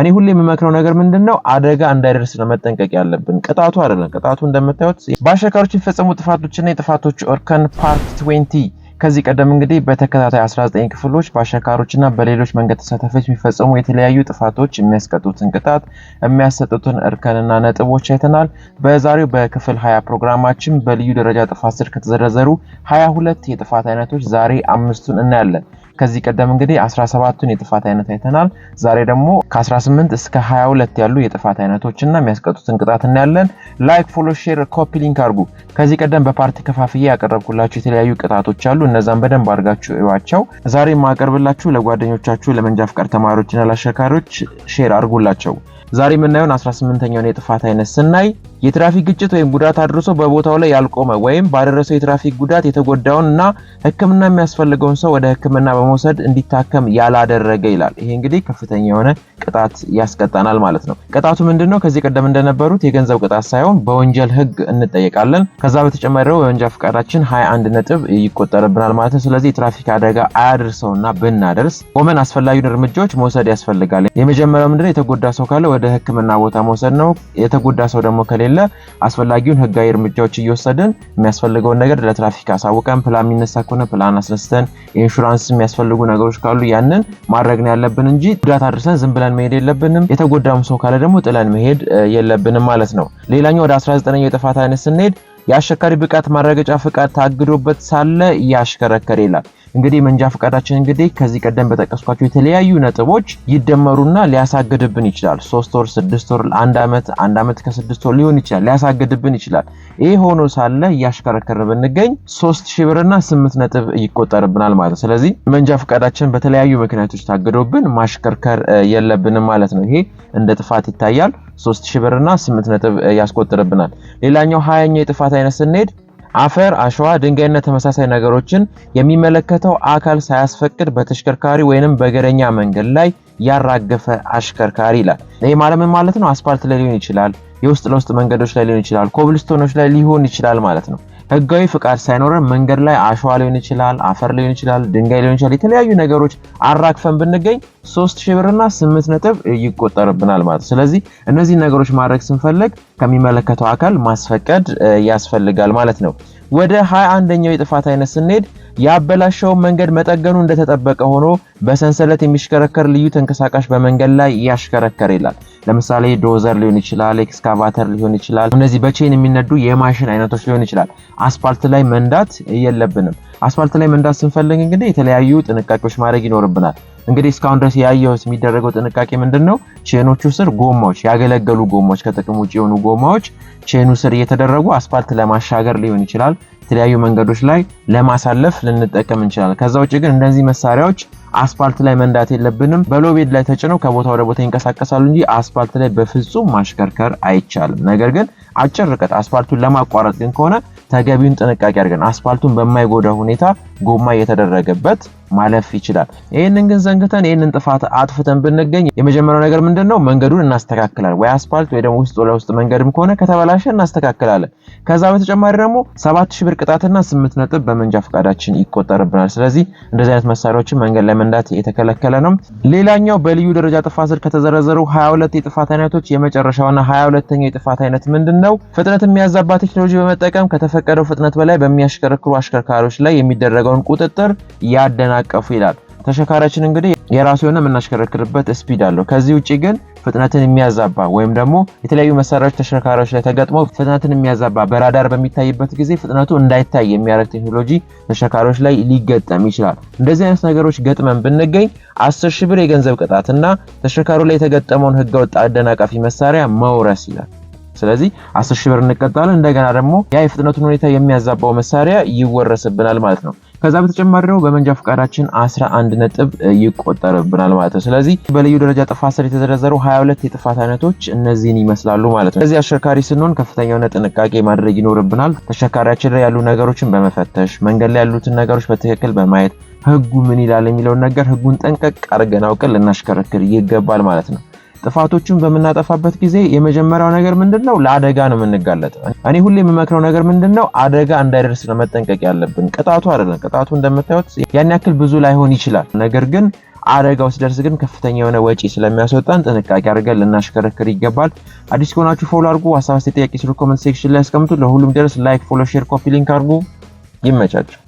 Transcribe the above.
እኔ ሁሌ የምመክረው ነገር ምንድን ነው፣ አደጋ እንዳይደርስ መጠንቀቅ ያለብን ቅጣቱ አይደለም። ቅጣቱ እንደምታዩት በአሽከርካሪዎች የተፈጸሙ ጥፋቶችና የጥፋቶች እርከን ፓርት 20 ከዚህ ቀደም እንግዲህ በተከታታይ 19 ክፍሎች በአሽከርካሪዎችና በሌሎች መንገድ ተሳታፊዎች የሚፈጸሙ የተለያዩ ጥፋቶች የሚያስቀጡትን ቅጣት የሚያሰጡትን እርከንና ነጥቦች አይተናል። በዛሬው በክፍል 20 ፕሮግራማችን በልዩ ደረጃ ጥፋት ስር ከተዘረዘሩ 22 የጥፋት አይነቶች ዛሬ አምስቱን እናያለን። ከዚህ ቀደም እንግዲህ 17ቱን የጥፋት አይነት አይተናል። ዛሬ ደግሞ ከ18 እስከ 22 ያሉ የጥፋት አይነቶችና የሚያስቀጡትን ቅጣት እናያለን። ላይክ፣ ፎሎ፣ ሼር፣ ኮፒ ሊንክ አድርጉ። ከዚህ ቀደም በፓርቲ ከፋፍዬ ያቀረብኩላችሁ የተለያዩ ቅጣቶች አሉ። እነዛን በደንብ አድርጋችሁ እዩዋቸው። ዛሬ የማቀርብላችሁ ለጓደኞቻችሁ ለመንጃ ፍቃድ ተማሪዎችና ለአሽከርካሪዎች ሼር አድርጉላቸው። ዛሬ የምናየውን 18ኛውን የጥፋት አይነት ስናይ የትራፊክ ግጭት ወይም ጉዳት አድርሶ በቦታው ላይ ያልቆመ ወይም ባደረሰው የትራፊክ ጉዳት የተጎዳውን እና ሕክምና የሚያስፈልገውን ሰው ወደ ሕክምና በመውሰድ እንዲታከም ያላደረገ ይላል። ይሄ እንግዲህ ከፍተኛ የሆነ ቅጣት ያስቀጣናል ማለት ነው። ቅጣቱ ምንድን ነው? ከዚህ ቀደም እንደነበሩት የገንዘብ ቅጣት ሳይሆን በወንጀል ሕግ እንጠየቃለን። ከዛ በተጨማሪ ደግሞ የወንጀል ፈቃዳችን 21 ነጥብ ይቆጠርብናል ማለት ነው። ስለዚህ የትራፊክ አደጋ አያደርሰውና ብናደርስ ቆመን አስፈላጊውን እርምጃዎች መውሰድ ያስፈልጋል። የመጀመሪያው ምንድነው? የተጎዳ ሰው ካለ ወደ ሕክምና ቦታ መውሰድ ነው። የተጎዳ ሰው ደግሞ ከሌለ ስለሌለ አስፈላጊውን ህጋዊ እርምጃዎች እየወሰድን የሚያስፈልገውን ነገር ለትራፊክ አሳውቀን ፕላን የሚነሳ ከሆነ ፕላን አስነስተን ኢንሹራንስ የሚያስፈልጉ ነገሮች ካሉ ያንን ማድረግ ነው ያለብን እንጂ ጉዳት አድርሰን ዝም ብለን መሄድ የለብንም። የተጎዳም ሰው ካለ ደግሞ ጥለን መሄድ የለብንም ማለት ነው። ሌላኛው ወደ 19ኛው የጥፋት አይነት ስንሄድ የአሽከርካሪ ብቃት ማረጋገጫ ፍቃድ ታግዶበት ሳለ እያሽከረከረ ይላል። እንግዲህ መንጃ ፈቃዳችን እንግዲህ ከዚህ ቀደም በጠቀስኳቸው የተለያዩ ነጥቦች ይደመሩና ሊያሳግድብን ይችላል። ሶስት ወር፣ ስድስት ወር፣ አንድ ዓመት፣ አንድ ዓመት ከስድስት ወር ሊሆን ይችላል፣ ሊያሳግድብን ይችላል። ይሄ ሆኖ ሳለ እያሽከረከር ብንገኝ ሶስት ሺህ ብርና ስምንት ነጥብ ይቆጠርብናል ማለት ነው። ስለዚህ መንጃ ፈቃዳችን በተለያዩ ምክንያቶች ታግዶብን ማሽከርከር የለብንም ማለት ነው። ይሄ እንደ ጥፋት ይታያል። ሶስት ሺህ ብርና ስምንት ነጥብ ያስቆጥርብናል። ሌላኛው ሀያኛው የጥፋት አይነት ስንሄድ አፈር፣ አሸዋ፣ ድንጋይና ተመሳሳይ ነገሮችን የሚመለከተው አካል ሳያስፈቅድ በተሽከርካሪ ወይንም በእግረኛ መንገድ ላይ ያራገፈ አሽከርካሪ ይላል። ይህ ማለምን ማለት ነው? አስፓልት ላይ ሊሆን ይችላል፣ የውስጥ ለውስጥ መንገዶች ላይ ሊሆን ይችላል፣ ኮብልስቶኖች ላይ ሊሆን ይችላል ማለት ነው። ህጋዊ ፍቃድ ሳይኖረን መንገድ ላይ አሸዋ ሊሆን ይችላል፣ አፈር ሊሆን ይችላል፣ ድንጋይ ሊሆን ይችላል፣ የተለያዩ ነገሮች አራግፈን ብንገኝ ሶስት ሺህ ብርና ስምንት ነጥብ ይቆጠርብናል ማለት። ስለዚህ እነዚህ ነገሮች ማድረግ ስንፈልግ ከሚመለከተው አካል ማስፈቀድ ያስፈልጋል ማለት ነው። ወደ 21 አንደኛው የጥፋት አይነት ስንሄድ ያበላሸውን መንገድ መጠገኑ እንደተጠበቀ ሆኖ በሰንሰለት የሚሽከረከር ልዩ ተንቀሳቃሽ በመንገድ ላይ ያሽከረከር ይላል። ለምሳሌ ዶዘር ሊሆን ይችላል፣ ኤክስካቫተር ሊሆን ይችላል። እነዚህ በቼን የሚነዱ የማሽን አይነቶች ሊሆን ይችላል። አስፋልት ላይ መንዳት የለብንም። አስፋልት ላይ መንዳት ስንፈልግ እንግዲህ የተለያዩ ጥንቃቄዎች ማድረግ ይኖርብናል። እንግዲህ እስካሁን ድረስ ያየሁት የሚደረገው ጥንቃቄ ምንድን ነው? ቼኖቹ ስር ጎማዎች፣ ያገለገሉ ጎማዎች፣ ከጥቅም ውጭ የሆኑ ጎማዎች ቼኑ ስር እየተደረጉ አስፋልት ለማሻገር ሊሆን ይችላል፣ የተለያዩ መንገዶች ላይ ለማሳለፍ ልንጠቀም እንችላለን። ከዛ ውጭ ግን እነዚህ መሳሪያዎች አስፋልት ላይ መንዳት የለብንም። በሎቤድ ላይ ተጭነው ከቦታ ወደ ቦታ ይንቀሳቀሳሉ እንጂ አስፋልት ላይ በፍጹም ማሽከርከር አይቻልም። ነገር ግን አጭር ርቀት አስፋልቱን ለማቋረጥ ግን ከሆነ ተገቢውን ጥንቃቄ አድርገን አስፋልቱን በማይጎዳ ሁኔታ ጎማ እየተደረገበት ማለፍ ይችላል። ይህንን ግን ዘንግተን ይህንን ጥፋት አጥፍተን ብንገኝ የመጀመሪያው ነገር ምንድን ነው? መንገዱን እናስተካክላል። ወይ አስፋልት ወይ ደግሞ ውስጥ ለውስጥ መንገድም ከሆነ ከተበላሸ እናስተካክላለን። ከዛ በተጨማሪ ደግሞ 7000 ብር ቅጣትና 8 ነጥብ በመንጃ ፈቃዳችን ይቆጠርብናል። ስለዚህ እንደዚህ አይነት መሳሪያዎችን መንገድ ላይ መንዳት የተከለከለ ነው። ሌላኛው በልዩ ደረጃ ጥፋት ስር ከተዘረዘሩ 22 የጥፋት አይነቶች የመጨረሻውና 22ኛው የጥፋት አይነት ምንድን ነው? ፍጥነት የሚያዛባ ቴክኖሎጂ በመጠቀም ከተፈቀደው ፍጥነት በላይ በሚያሽከረክሩ አሽከርካሪዎች ላይ የሚደረግ የምናደርገውን ቁጥጥር ያደናቀፉ ይላል። ተሽከርካሪያችን እንግዲህ የራሱ የሆነ የምናሽከረክርበት ስፒድ አለው። ከዚህ ውጭ ግን ፍጥነትን የሚያዛባ ወይም ደግሞ የተለያዩ መሳሪያዎች ተሽከርካሪዎች ላይ ተገጥሞ ፍጥነትን የሚያዛባ በራዳር በሚታይበት ጊዜ ፍጥነቱ እንዳይታይ የሚያደርግ ቴክኖሎጂ ተሽከርካሪዎች ላይ ሊገጠም ይችላል። እንደዚህ አይነት ነገሮች ገጥመን ብንገኝ አስር ሺህ ብር የገንዘብ ቅጣት እና ተሽከርካሪ ላይ የተገጠመውን ህገወጥ አደናቃፊ መሳሪያ መውረስ ይላል። ስለዚህ አስር ሺህ ብር እንቀጣለን። እንደገና ደግሞ ያ የፍጥነቱን ሁኔታ የሚያዛባው መሳሪያ ይወረስብናል ማለት ነው። ከዛ በተጨማሪ ደግሞ በመንጃ ፈቃዳችን 11 ነጥብ ይቆጠርብናል ማለት ነው። ስለዚህ በልዩ ደረጃ ጥፋት ስር የተዘረዘሩ 22 የጥፋት አይነቶች እነዚህን ይመስላሉ ማለት ነው። ስለዚህ አሽከርካሪ ስንሆን ከፍተኛውን ጥንቃቄ ማድረግ ይኖርብናል። ተሽከርካሪያችን ላይ ያሉ ነገሮችን በመፈተሽ መንገድ ላይ ያሉትን ነገሮች በትክክል በማየት ህጉ ምን ይላል የሚለውን ነገር ህጉን ጠንቀቅ አድርገን አውቀን ልናሽከረክር ይገባል ማለት ነው። ጥፋቶችን በምናጠፋበት ጊዜ የመጀመሪያው ነገር ምንድነው? ለአደጋ ነው የምንጋለጠው። እኔ ሁሌ የምመክረው ነገር ምንድነው? አደጋ እንዳይደርስ ነው መጠንቀቅ ያለብን። ቅጣቱ አይደለም። ቅጣቱ እንደምታዩት ያን ያክል ብዙ ላይሆን ይችላል። ነገር ግን አደጋው ሲደርስ ግን ከፍተኛ የሆነ ወጪ ስለሚያስወጣን ጥንቃቄ አድርገን ልናሽከረክር ይገባል። አዲስ ከሆናችሁ ፎሎ አድርጉ። ሀሳብ አስተያየት፣ ጥያቄ ኮመንት ሴክሽን ላይ ያስቀምጡ። ለሁሉም ደረስ ላይክ፣ ፎሎ፣ ሼር፣ ኮፒ ሊንክ አድርጉ። ይመቻችሁ።